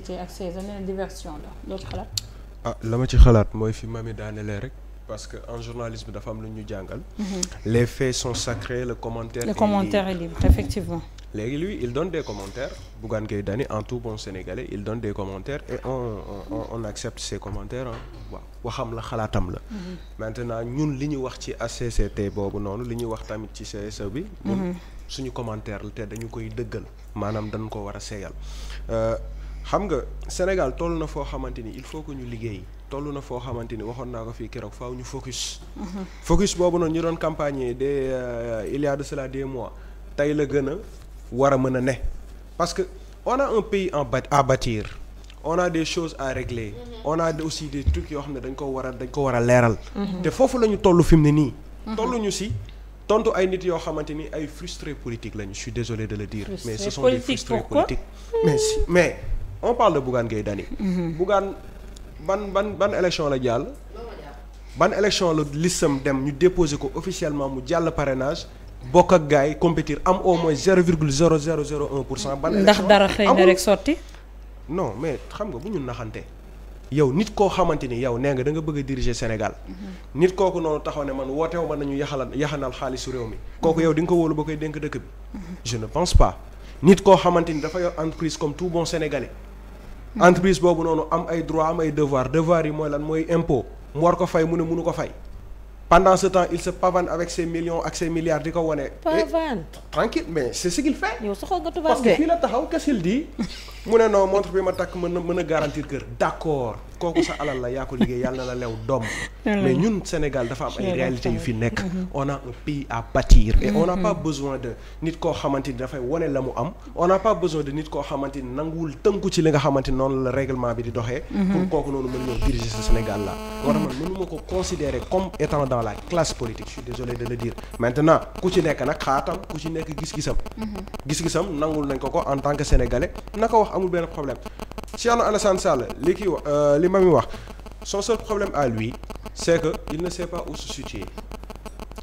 société ak la loo ci xalaat. ah la ma ci xalaat mooy fi mami daanelee rek parce que en journalisme dafa am lu ñu jàngal. Mhm. les faits sont sacrés le commentaire. le commentaire est libre effectivement. léegi lui il donne des commentaires Bougane Gueye Dany en tout bon sénégalais il donne des commentaires et on on on accepte ces commentaires waxam la xalaatam la. Mhm. maintenant ñun li ñu wax ci ACCT boobu noonu li ñuy wax tamit ci CSE bi. Mhm. suñu commentaire la te dañu koy dëggal maanaam dañ ko war a seeyal. Euh, xam nga Sénégal toll na foo xamante ni il faut que ñu liggéey toll na foo xamante ni waxoon naa ko fii keroog faaw ñu focus. Mhm. focus boobu noonu ñu doon campagne de euh, il y a de cela des mois tey la gën a war a mën a ne parce que on a un pays en bat à bâtir on a des choses à régler mhm. on a aussi des trucs yoo xam ne dañ ko war a dañ ko war a leeral. Mhm. te foofu la ñu toll fi mu ne nii. tolluñu si. tontu ay nit yoo xamante ni ay frustrés politiques lañu je suis désolé de le dire. mais ce sont des mais. on parle de Bougane Gueye Dany. Mhm. Bougane ban ban ban élection la jàll. ban élection la listam dem ñu déposé ko officiellement mu jàll parrainage bokk ak gars yi compétir am au moins zéro virgule zéro zéro zéro un pour cent. ban élection ndax dara xëy na rek sotti. non mais xam nga bu ñu naxante. yow nit koo xamante ni yow nee nga da nga bëgg a diriger Sénégal. Mhm. nit kooku noonu taxaw ne man woote wu ma nañu yaxalal yaxanal xaalisu réew mi. Mhm. kooku yow di nga ko wóolu ba koy dénk dëkk bi. je pense pas. nit koo xamante ni dafa yor entreprise comme tout bon sénégalais. entreprise boobu noonu am ay droit am ay devoir devoir yi mooy lan mooy impôt mu war ko fay mu ne mënu ko fay pendant ce temps il se pavane avec ses millions ak ses milliards di ko wane. Eh, pavane tranquille mais c'est ce qu'il parce que fii la taxaw qu'est-ce mu ne non montre bi ma takk mën na mën a garantir kër d'accord. kooku sa alal la yaa ko liggéey yàlla la lew doom mais ñun Sénégal dafa am ay réalités yu fi nekk mm-hmm. on a un pays à bâtir et on n'a mm-hmm. pas besoin de nit koo xamante ni dafay wone la mu am on n'a pas besoin de nit koo xamante ni nanguwul tënku ci li nga xamante ni noonu la règlement bi di doxee mm-hmm. pour kooku noonu mën ñoo diriger Sénégal là moo man mënu ko considérer comme étant dans la classe politique je désolé de le dire maintenant ku ci nekk nag xaatam ku ci nekk gis gis Thierno Alassane Sall li kii euh, wax li ma mi wax soo seul problème à lui c'est que il ne sait pas où se situer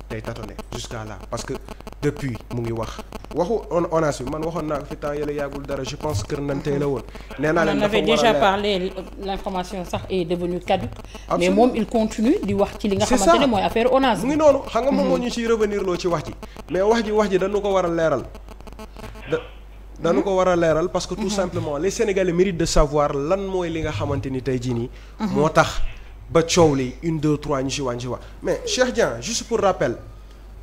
day tâtonner jusqu'à là parce que depuis mu ngi wax waxu on ONAS bi man waxoon naa ko fi temps yële yàggul dara je pense kër nan tey la woon. nee naa leen dafa war a on avait déjà parlé sax est devenue caduque. mais moom il continue di wax ci li nga. xamante ne mooy affaire ONAS. mu ngi noonu xam nga moom moo mhm. ñu ciy revenir loo ci wax ji. mais wax ji wax ji dañu ko war a leeral dañu mhm. ko war a leeral parce que tout mhm. simplement les sénégalais méritent de savoir lan mooy li nga xamante ni tey jii nii. Mhm. moo tax ba coow li une deux trois ñu si waa ñu si waa mais Cheikh Dieng juste pour rappel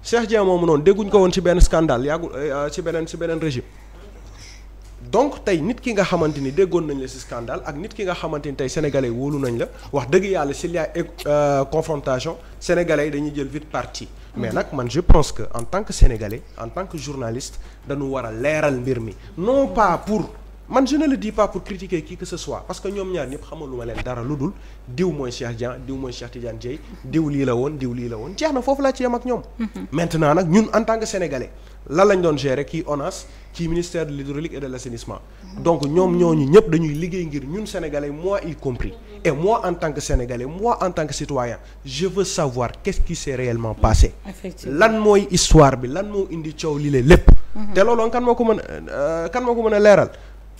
Cheikh Dieng moomu noonu dégguñ ko woon ci benn scandale yàggul euh, ci beneen ci beneen régime. donc tey nit ki nga xamante ni déggoon nañ la ci scandale ak nit ki nga xamante ni tey sénégalais yi wóolu nañ la wax dëgg yàlla s'il y a euh, confrontation sénégalais yi dañuy jël vite parti mais nag man je pense que en tant que sénégalais en tant que journaliste dañu war a leeral mbir mi non pas pour man je ne le dis pas pour critiquer qui que ce soit parce que ñoom ñaar ñëpp xamaluma leen dara lu dul diw mooy Cheikh Dieng diw mooy Cheikh Tidiane Dieye diw lii la woon diw lii la woon jeex na foofu laa ci yem ak ñoom. Mhm. maintenant nag ñun en tant que sénégalais lan lañ doon gérer kii ONAS kii ministère de l'hydraulique et de l'assainissement. Mhm. donc ñoom ñooñu ñëpp dañuy liggéey ngir ñun sénégalais moi y compris et moi en tant que sénégalais moi en tant que citoyen je veux savoir qu'est-ce lan mooy histoire bi lan moo indi coow lii lépp. Mhm. te loolu kan moo ko mën euh, kan moo ko mën a leeral.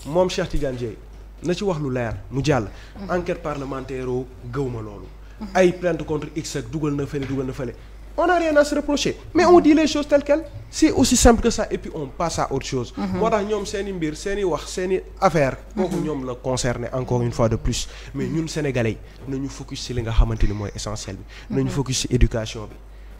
moom Cheikh Tidiane Dièye na ci wax lu leer mu jàll. enquête parlementaire oo gëw ma loolu. ay plainte contre x ak dugal na fële dugal na fële. on n'a rien à se reprocher mais on dit les choses telles quelles aussi simple que ça et puis on chose mhm. moo tax ñoom seen i mbir seen wax seeni i affaire kooku mhm. ñoom la concerné encore une fois de plus mais ñun sénégalais yi nañu focus ci li nga xamante ni mooy essentiel bi mhm. nañu focus ci éducation bi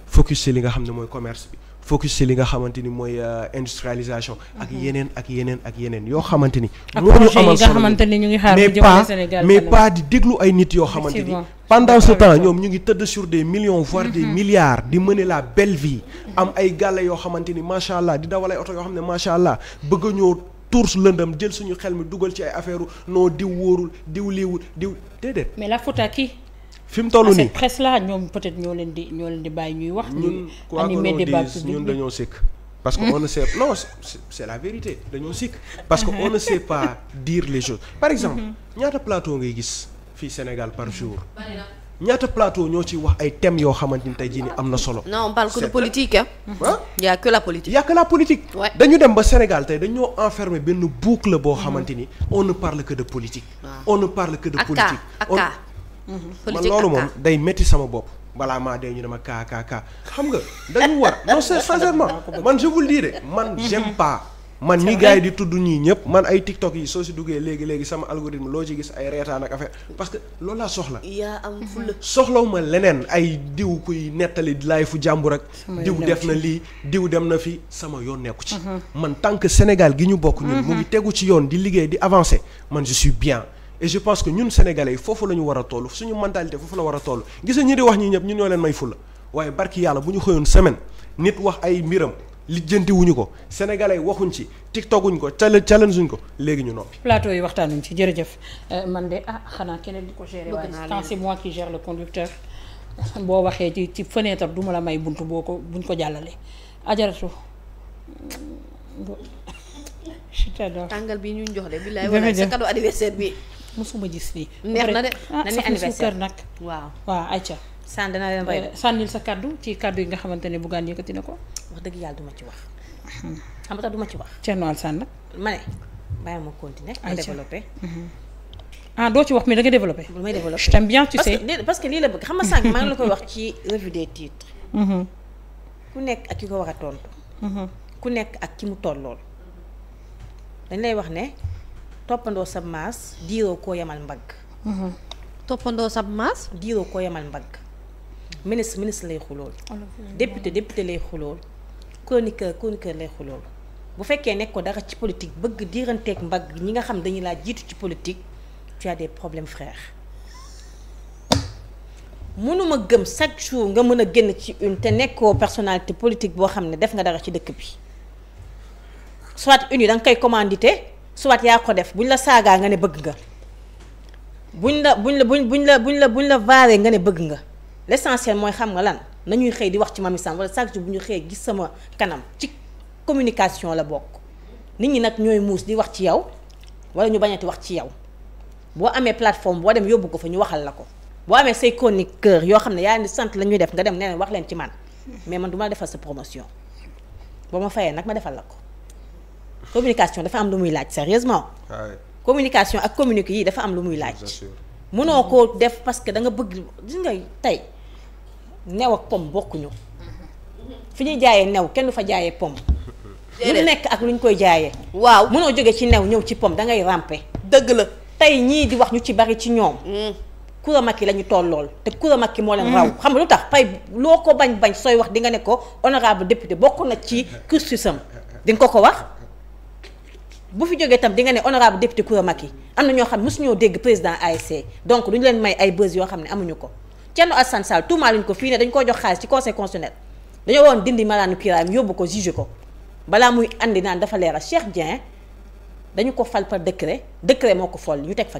focus ci li nga xam ne commerce bi focus ci li nga xamante ni mooy euh, industrialisation. ak mhm. yeneen ak yeneen ak yeneen yoo xamante ni. moo ñu amal solo ñu ngi xaar mais pas mais pas di déglu ay nit yoo xamante ni. pendant ce temps ñoom ñu ngi tëdd sur de million voire de mhm. milliards di mener la belle vie. Mhm. am ay gàlle yoo xamante ni macha allah di dawal ay oto yoo xam ne macha allah bëgg a ñoo tours lëndam jël suñu xel mi dugal ci ay affaire noo diw wóorul diw liiwul diw déedéet. mais la faute fi mu toll ah, nii presse là ñoom peut-être ñoo leen di ñoo leen di bàyyi ñuy wax. ñuy animer débat public dañoo sikk parce que hmm. on ne sait non c'est la vérité dañoo sikk parce que hmm. on ne sait pas dire les choses par exemple hmm. ñaata plateau ngay gis fii Sénégal par jour. ñaata plateau ñoo ci wax ay thèmes yoo xamante ni tey jii ni am na solo. non on parle que de politique hein. y a que la politique. y a que la politique. dañu dem ba Sénégal tey dañoo enfermer benn boucle boo xamante ni on ne parle que de politique. Ah. on ne parle que de politique. Mm-hmm. man loolu moom day métti sama bopp balaa maa dee ñu dama kaa kaa kaa xam nga dañu war man je vous le dis de man mm-hmm. j'aime man ñi gars yi di tudd ñii ñëpp man ay TikTok yi soo si duggee léegi léegi sama algorithme loo ci gis ay reetaan ak affaire parce que loolu soxla. yaa am soxlaw ma leneen ay diw kuy nettali laay fu jàmbur ak. diw def na lii diw dem na fi sama yoon nekku ci. Mm-hmm. man tant que Sénégal gi ñu bokk ñun. mu ngi tegu ci yoon di liggéey di avancer man si suis bien. et je pense que ñun sénégalais yi foofu la ñu war suñu mentalité foofu la war a toll gis ñi di wax ñi ñëpp ñun ñoo leen may fulla waaye barki yàlla bu ñu xëyoon semaine nit wax ay mbiram lijjanti wuñu ko yi waxuñ ci tiktokuñ ko challenge wuñ ko léegi ñu noppi. plateau yi waxtaan waxtaanuñ ci jërëjëf euh, man de ah xanaa keneen di ko gérer waaye tant c'est moi qui gère le conducteur boo waxee ci ci fenêtre du ma la may buntu boo ko buñ ko jàllale ajaratu tàngal bi ñu jox de billaay wala mosuma gis lii. neex na de nañu ah, anniversaire nag. waaw waaw ayca. sànni dana leen rey eh, sànnil sa kaddu ci kaddu yi nga xamante ne Bougane yëkkati na ko. wax dëgg yàlla duma ci wax. Hmm. xam nga tax duma ci wax. Thierno Alassane nag. ma ne bàyyi ma continuer. ayca ma développé. Hmm. ah doo ci wax mais da nga développé. bu may développé je t'aime bien tu sais. parce que lii la bëgg xam nga sànq maa ngi la koy wax ci revue des titres. Hmm. ku nekk ak ki ko wax a tontu. ku nekk ak ki mu tollool. dañ lay wax ne. toppandoo sa maas diiroo koo yemal mbagg. Mhm. toppandoo sa maas. diiroo koo yamal mbagg. ministre ministre lay xulool. député député lay xulool. chroniqueur chroniqueur lay xulool. bu fekkee nekk ko dara ci politique bëgg diiranteeg mbagg ñi nga xam dañuy laa jiitu ci politique tu as des problèmes frères. mënuma gëm chaque jour nga mën a génn ci une te nekkoo personnalité politique boo xam ne def nga dara ci dëkk bi soit une yi koy commandité soit yaa ko def bu ñu la saagaa nga ne bëgg nga buñ la buñ la buñ buñ la buñ la buñ la vaaree nga ne bëgg nga l'essentiel mooy xam nga lan nañuy xëy di wax ci Mamy Samb wala chaque jour bu ñu xëyee gis sama kanam ci communication la bokk nit ñi nag ñooy muus di wax ci yow wala ñu ti wax ci yow boo amee plateforme boo dem yóbbu ko fa ñu waxal la ko boo amee say chroniqueur yoo xam ne yaa leen sant la ñuy def nga dem nee wax leen ci man mais man du ma defal sa promotion boo ma fayee nag ma defal la ko. communication dafa am lu muy laaj sérieusement communication ak communiqué yi dafa lu muy laaj mënoo koo def parce que da nga bëgg di nga tey new ak pom bokkuñu fi ñuy jaayee new kenn du fa jaayee pom lu nekk ak lu ñu koy jaayee waaw mënoo jóge ci new ñëw ci pom da ngay rampe dëgg la tey ñii di wax ñu ci bari ci ñoom mm. Kouramaki la ñu tollool te ki moo leen mm. raw xam nga lu tax pay loo ko bañ bañ sooy wax di nga ne ko honorable député bokk na ci cursusam di ko ko wax bu fi jógee tam di nga ne honorable député Koura Macky am na ñoo xam ne mosuñoo dégg président ASC donc duñu leen may ay buzz yoo xam ne amuñu ko Thierno Assane Sall tuumaa lañ ko fii ne dañ koo jox xaalis ci conseil constitutionnel dañoo waroon dindi malaanu kiraayam yóbbu ko juge ko balaa muy andi naan dafa leeral Cheikh Dieng dañu ko fal par décret décret moo ko fol ñu teg fa